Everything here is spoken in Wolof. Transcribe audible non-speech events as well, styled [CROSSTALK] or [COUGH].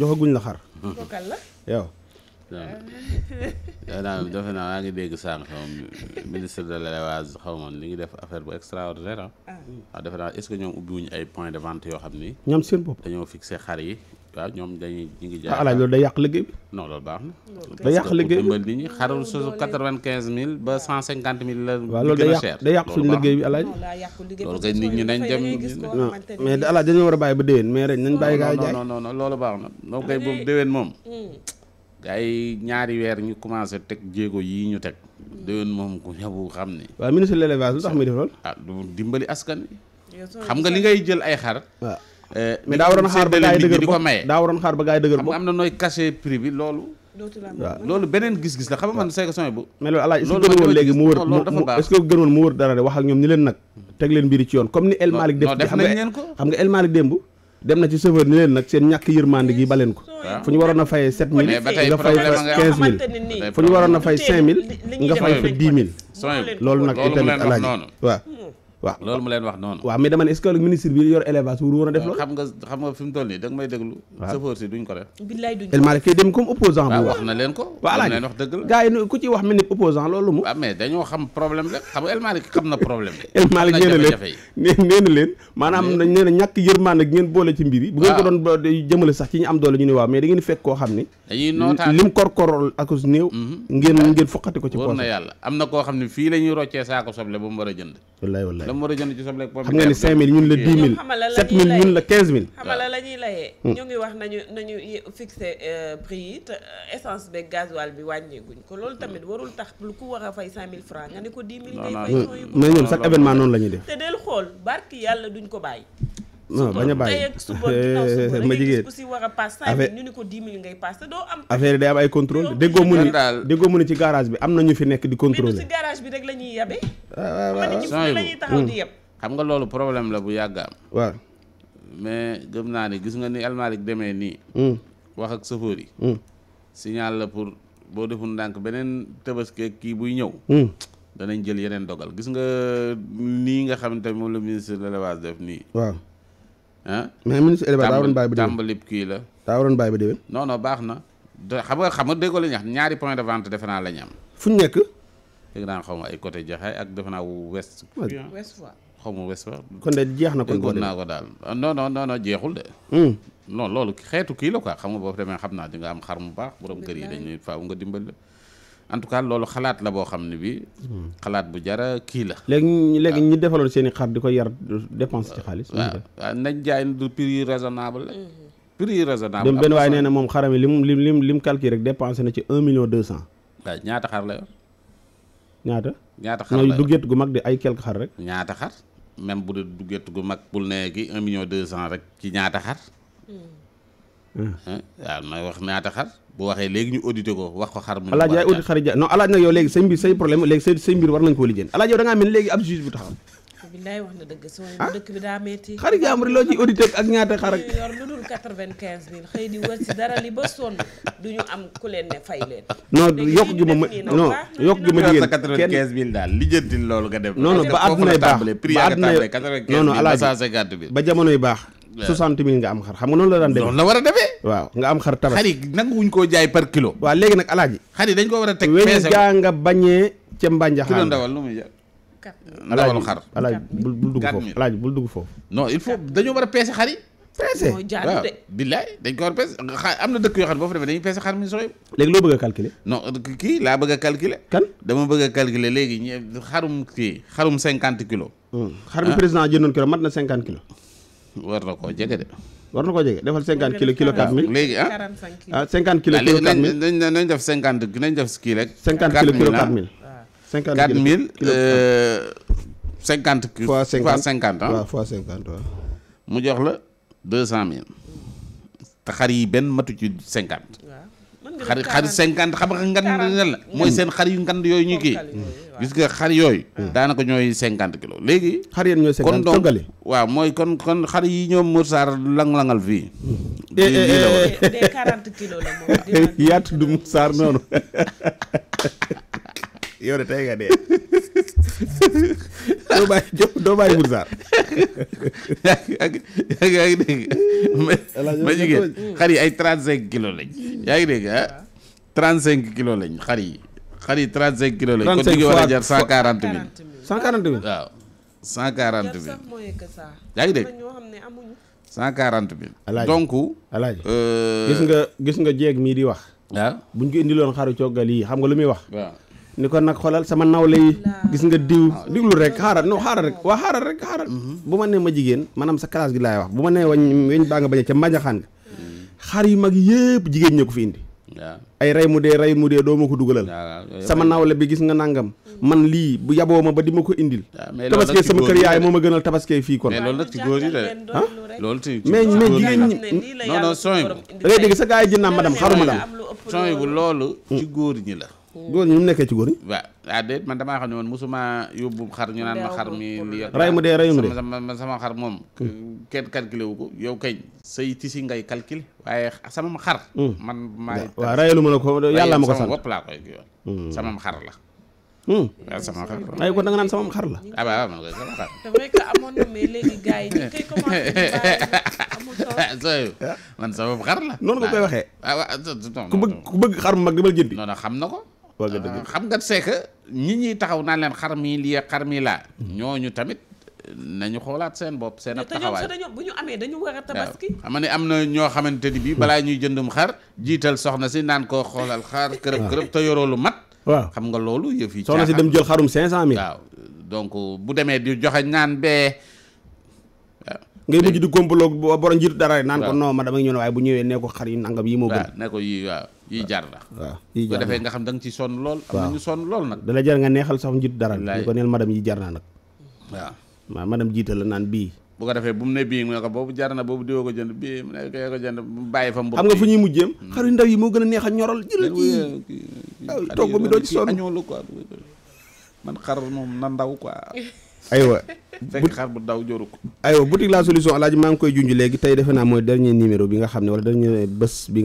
joxaguñ la xar. yow. [LAUGHS] daanaka defe naa maa ngi dégg sànq xaw ministre de l'élevage xaw ma li ngi def affaire bu extraordinaire ah. waaw ah. ah, naa est-ce ay point de vente yoo xam ni. ñoom seen bopp dañoo fixé xar yi. waaw ñoom dañuy ñu ngi. jaay ah, alaaj loolu day yàq liggéey bi. non loolu baax na. day yàq liggéey bi dimbali nit ñi xarul suusu quatre mille ba cent cinquante mille la. waaw loolu day yàq day yàq suñu liggéey bi alaaj. loolu kay nit ñi nañ dem. war a ba déwén mais ren nañ bàyyi. gaa jaay non non non loolu baax na. donc kay boobu déwén moom. Mm. ay ñaari weer ñu commencé teg jéego yii ñu teg. déwén moom ku ñëw xam ne. waaw ministre de l'élevage lu tax muy def lool. ah dimbali askan wi. xam nga li ngay jël ay xar. waaw eh, mais daa waroon xaar ba gaay dëgër di ko maye. am na nooy caché prix loolu. beneen gis-gis la xam nga man say question bu mais loolu alaaj est mu wër est-ce que mu wër dara de wax ñoom ni leen nag teg leen mbiri ci yoon comme ni El Malick def xam nga El démb dem na ci chauffeur ni leen nag seen ñàkk yërmande gi baleen ko ah. fu ñu waroon a fayee sept mil nga fay fa quinze mille fu ñu waroon a fay cinq mille nga fay fa dix mille loolu nag itamit alaaji waaw waaw loolu mu leen dama ne est ministre bi yor élevage wuru def loolu xam nga xam nga nii da nga may déglu chauffeur si duñ ko def billaay duñ dem comme leen maanaam nee na ñàkk yërmaande gi ngeen boole ci mbir yi bu ngeen ko doon jëmale sax ci ñu am doole ñu ne waaw mais da fekk koo xam ni dañuy nootaa lim korkorol néew mhm. ngeen ngeen foqati ko ci poos na yàlla am na koo xam ne fii la roccee saako soble ba mu war a jënd mu a jënd ci soble ak pomme de terre xam nga ni 5000 ñun la 10 000 7000 ñun la 15000 xamala la ñuy layee hmm. ngi wax nañu nañu fixé euh, prix yi te euh, essence beeg gasoil bi wàññeeguñ ko loolu tamit hmm. warul tax lu ku war a fay 5000 francs nga ne ko 10 000 ngay fay hmm. mais ñoom chaque événement noonu la def te del xool barki yàlla duñ ko bàyyi non bañ a bàyyi [LAUGHS] ma jigéen affaire ñu ne ko 10 000 ngay pass te yi day am ay contrôle déggoo mu ni déggoo mu ni ci garage bi am na ñu fi nekk di contrôler mais du bi rek la yabe. waaw waaw waaw la ñuy di yeb. xam nga loolu problème la bu yàgg am. waa mais gëm naa ne gis nga ni almalik demee nii. Hmm. wax ak chauffeur yi. Hmm. signal la pour boo defu ndànk beneen tabaski kii buy ñëw. Hmm. danañ jël yeneen dogal gis nga nii nga xamante ne moom la ministre de l'élevage def nii. waaw. ah mais ministre élevage daa waroon bàyyi ba déwén tàmbalib kii la daa waroon bàyyi ba déwén non baax na xam nga xam nga déggoo la ñu wax ñaari point de vente defe naa la am fu ñu nekk dégg naa xaw ma ay côté jaxaay ak defe naa west west fois xaw ma west fois kon de jeex na kon déggoon naa ko daal non non non non jeexul de hmm. non loolu xeetu kii la quoi xam nga boobu demee xam naa di nga am xar mu baax borom kër yi dañuy faaw nga dimbali la en tout cas loolu xalaat la boo xam ne bi hmm. xalaat bu jara kii la léegi léegi ñi defaloon seen i xar di ko yar dépense ci xaalis waaw nañ jaay du prix raisonnable hmm. prix raisonnable dem benn waaye nee na moom xaram yi lim lim lim lim calcul rek dépensé na ci un million deux cent waaw ñaata xar la yor ñaata ñaata xar la yor du gétt gu mag de ay quelque xar rek ñaata xar même bu dee du gétt gu mag bul ne ki un million deux cent rek ci ñaata xar hmm. waaw ma wax ñaata xar bu waxee léegi ñu audité ko wax ko xar mu alaaj yaay audit xari ja non alaaj nag ak ñaata xar ak yor lu dul quatre-vingt-quinze mille xëy di wër si dara li ba sonn du ñu am ku leen ba àdduna baax alaaj ba jamonoy baax soixante mille nga am xar xam nga noonu la daan demee noonu la war a demee waaw nga am xar tabaski xar yi nanguwuñ koo jaay par kilo waaw léegi nag alaaji xar yi dañ ko war a teg weñ gaa nga bañee ca mbànjaxaan kilo ndawal lu muy jar ndawalu xar alaaji bul bul dugg foofu alaaji bul dugg foofu non il faut dañoo war a peese xar yi peese waaw billaay a na dëkk yoo xam ne boo fa demee dañuy peese xar mi sooy léegi loo bëgg a calculer non kii laa bëgg a calculer kan dama bëgg a calculer léegi xarum kii xarum cinquante kilos hmm. xar mi président jëndoon kilo mat na cinquante kilos war na koo jege de. war na ko jege defal cinquante kilo kilo quatre mille léegi ah, ah cinquante kilo kilo quatre mille nañ nañ def cinquante nañ def kii rek. cinquante kilo kilo quatre mille ah. cinquante mille euh, cinquante fois cinquante ah fois cinquante waaw mu jox la deux cent mille te xar yi benn matu ci cinquante. xar xar cinquante xam nga na la mooy seen xar yu ngand yooyu ñu kii gis nga xar yooyu hmm. daanaka ñooy cinquante kilos léegi xar yéen ñooy cinquante kon donc mooy kon kon xar yi ñoom Mor Sarr lang-langal fii hmm. eh, eh, eh, des quarante kilos la moom [LAUGHS] yaa tudd Mor noonu [LAUGHS] yow de tey nga dee [LAUGHS] doo bàyyi doo bàyyi Moussa. yaa ngi yaa ngi dégg. ma jigéen xar yi ay trente cinq kilos lañ. yaa ngi dégg ah trente cinq kilos lañ xar yi. xar yi trente cinq kilos lañ. kon ñu ngi a jar cent quarante mille. cent quarante mille waaw. cent quarante mille yaa quarante mille. alaaji donc. Euh, gis nga gis nga jeeg mii di wax. waaw ah? buñ ko indiloon xaru coggal yi xam nga lu muy wax. ni ko nag xoolal sama nawle yi gis nga diw diglu rek xaaral non xaaral rek waa xaaral rek xaaral mm-hmm. bu ma nee ma jigéen maanaam sa classe gi laay wax bu ma nee wañ weñ baa nga bañee ca mbajaxaan nga xar yu mag yëpp jigéen ñee ko fi indi ay rey mu dee rey mu dee doo ma ko dugalal sama nawle bi gis nga nangam mm-hmm. man lii bu yaboo ma ba di ma ko indil tabaskee sama kër yaay moo ma gënal tabaskee fii kon mais loolu nag ci góor yi ah loolu ci mais dégg sa gars yi jënd naa madam xaru madam sooy bu loolu ci mm. góor ñi la góor ñi ñu nekkee ci góor ñi. waaw ah déet man damaa xam ne woon mosuma yóbbu xar ñu naan ma xar mi. li ray mu dee rayu mu dee sama sama moom. Hmm. kenn calculé wu ko yow kañ. say tisi ngay calculé waaye sama xar. Hmm. man maay waaw la ma sama bopp hmm. xar la. waaw sama xar la ay kon xar la. Ah, ko amoon na mais léegi gars yi koy [LAUGHS] ah, ah. la. noonu nga koy waxee. ah waaw ku bëgg ku bëgg xar mu mag di ma jëndi. non xam na ko. wax euh, xam nga c'est que ñi taxaw naan leen xar mi lii xar mi laa ñooñu tamit nañu xoolaat seen bopp seen ab taxawaay dañoo bu ñu amee dañu war tabaski xam ne am na ñoo xamante ni bii hmm. balaa ñuy jëndum xar jiital soxna si naan koo xoolal xar hmm. kërëb kërëb te yoroo lu mat waaw xam nga loolu yëf yi soxna si dem jël xarum cinq cent mille waaw donc bu demee di joxe ñaan bee ngay mujj di gómbaloog borom njiitu dara rek naan ko non ma dama ñëw ne waaye bu ñëwee nee ko xar yi nangam yi moo gën ne ko yi la waaw yi jar defee nga xam da nga ci sonn lool am na ñu sonn lool nag dala nga neexal sax njiitu dara ni ko neel madame yi jar naa nag jiital la naan bii bu ko defee bu mu ne bii mu ne ko boobu jar na boobu diwoo ko jënd bii mu ne ko jënd bàyyi fa mboq xam nga fu ñuy mujjeem hmm. xaru ndaw yi gën a a ñoral jëlal ji togg mi doo ci sonn añoo la quoi man xar moom na ndaw ko [LAUGHS] aywa fekk xar bu daw joru ko aywa boutique la solution alaaji maa ngi koy junj léegi tey defe naa mooy ñu numéro bi nga xam ne wala dernier bés bi nga